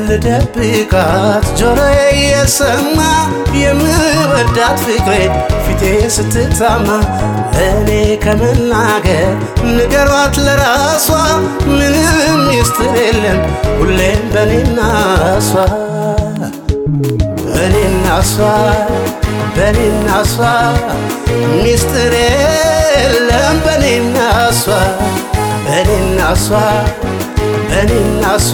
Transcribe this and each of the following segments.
እንዴት ልደብቃት ጆሮዬ የሰማ የምወዳት ፍቅሬ ፊቴ ስትታማ እኔ ከመናገር ንገሯት ለራሷ ምንም ሚስጥር የለም ሁሌም በኔና እሷ በኔና እሷ በኔና እሷ ሚስጥር የለም በኔና እሷ በኔና እሷ እኔና እሷ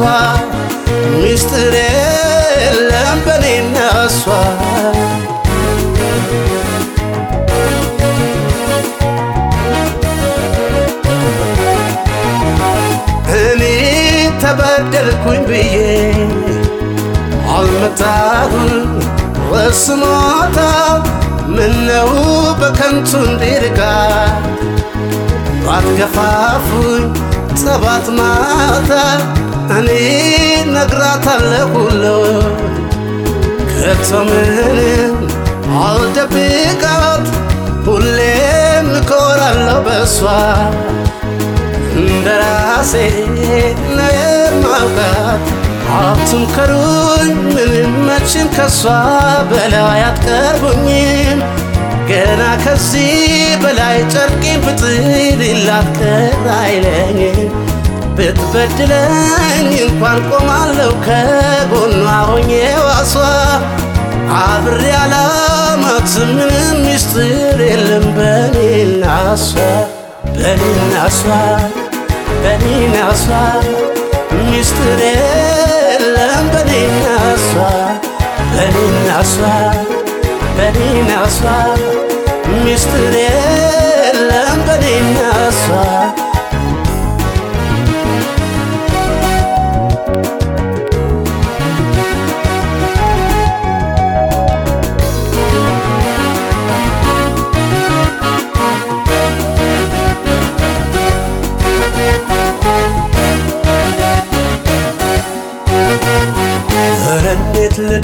ሚስጥር የለም በእኔና እሷ እኔ ተበደልኩኝ ብዬ አልመጣሁን ወስኖታ ምነው በከንቱ እንዲርጋ ባትገፋፉኝ ሰባት ማታ እኔ ነግራታለሁ ሁሉ ከቶ ምንም አልደብቃት ሁሌም እኮራለሁ በእሷ እንደ ራሴ ነው የማውቃት አብቱም ከሩኝ ምንም መችም ከሷ በላይ አትቀርቡኝም ገና ከዚህ በላይ ጨርቄን ብጥል ቀር አይለኝ ብትበድለኝ እንኳን ቆማለሁ ከጎኗ ሆኜ ዋሷ አብሬ አላማት ምንም ሚስጥር የለም በኔና እሷ በኔና እሷ በኔና እሷ ሚስጥር የለም በኔና እሷ በኔና እሷ Minaslar Mr.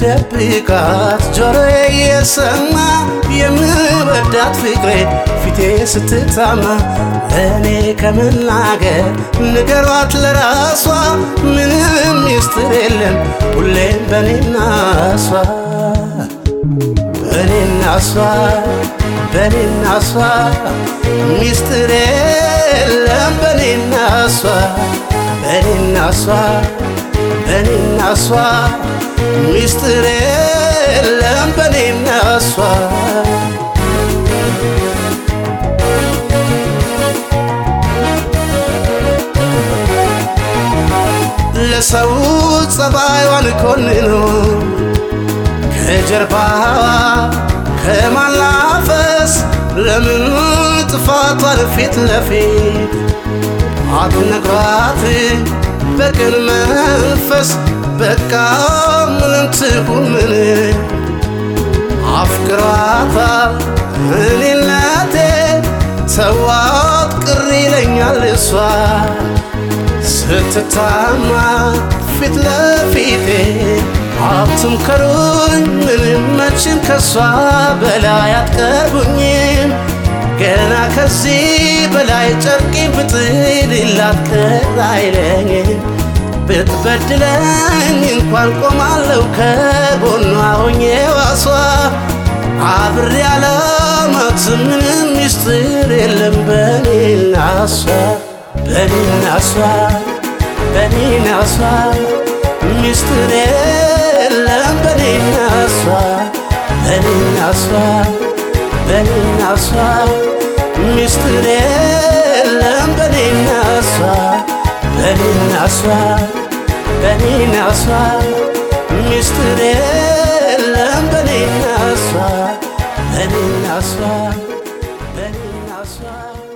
ደብቃት! ጆሮዬ እየሰማ የምወዳት ፍቅሬ ፊቴ ስትታማ እኔ ከምናገር ንገሯት ለራሷ ምንም ሚስጥር የለም ሁሌም በኔና እሷ በኔና እሷ እሷ ሚስጥር የለም በኔና እሷ በኔና እሷ እሷ ሚስጥር የለም በኔና እሷ ለሰው ጸባይዋን ኮንኖ ከጀርባዋ ከማላፈስ ለምን ጥፋቷን ፊት ለፊት አቱ ነግሯት በቅን መንፈስ በቃ ምንም ትሁን ምን አፍቅሯታል እኔ ተዋት ቅር ይለኛል እሷ ስትታማ ፊት ለፊቴ አብትም ከሩኝ ምንም መችም ከሷ በላይ አትቀርቡኝም ገና ከዚህ በላይ ጨርቄ ብጥል ይላት አይለኝም ብትበድለኝ እንኳን ቆማለሁ ከጎኗ ሆኜ ዋሷ አብሬ ያለማት ምንም ሚስጥር የለም በኔና እሷ በኔና እሷ በኔና እሷ ሚስጥር የለም በኔና እሷ በኔና እሷ በኔና እሷ ሚስጥር እሷ በኔና እሷ ሚስጥር የለም በኔና እሷ በኔና እሷ በኔና እሷ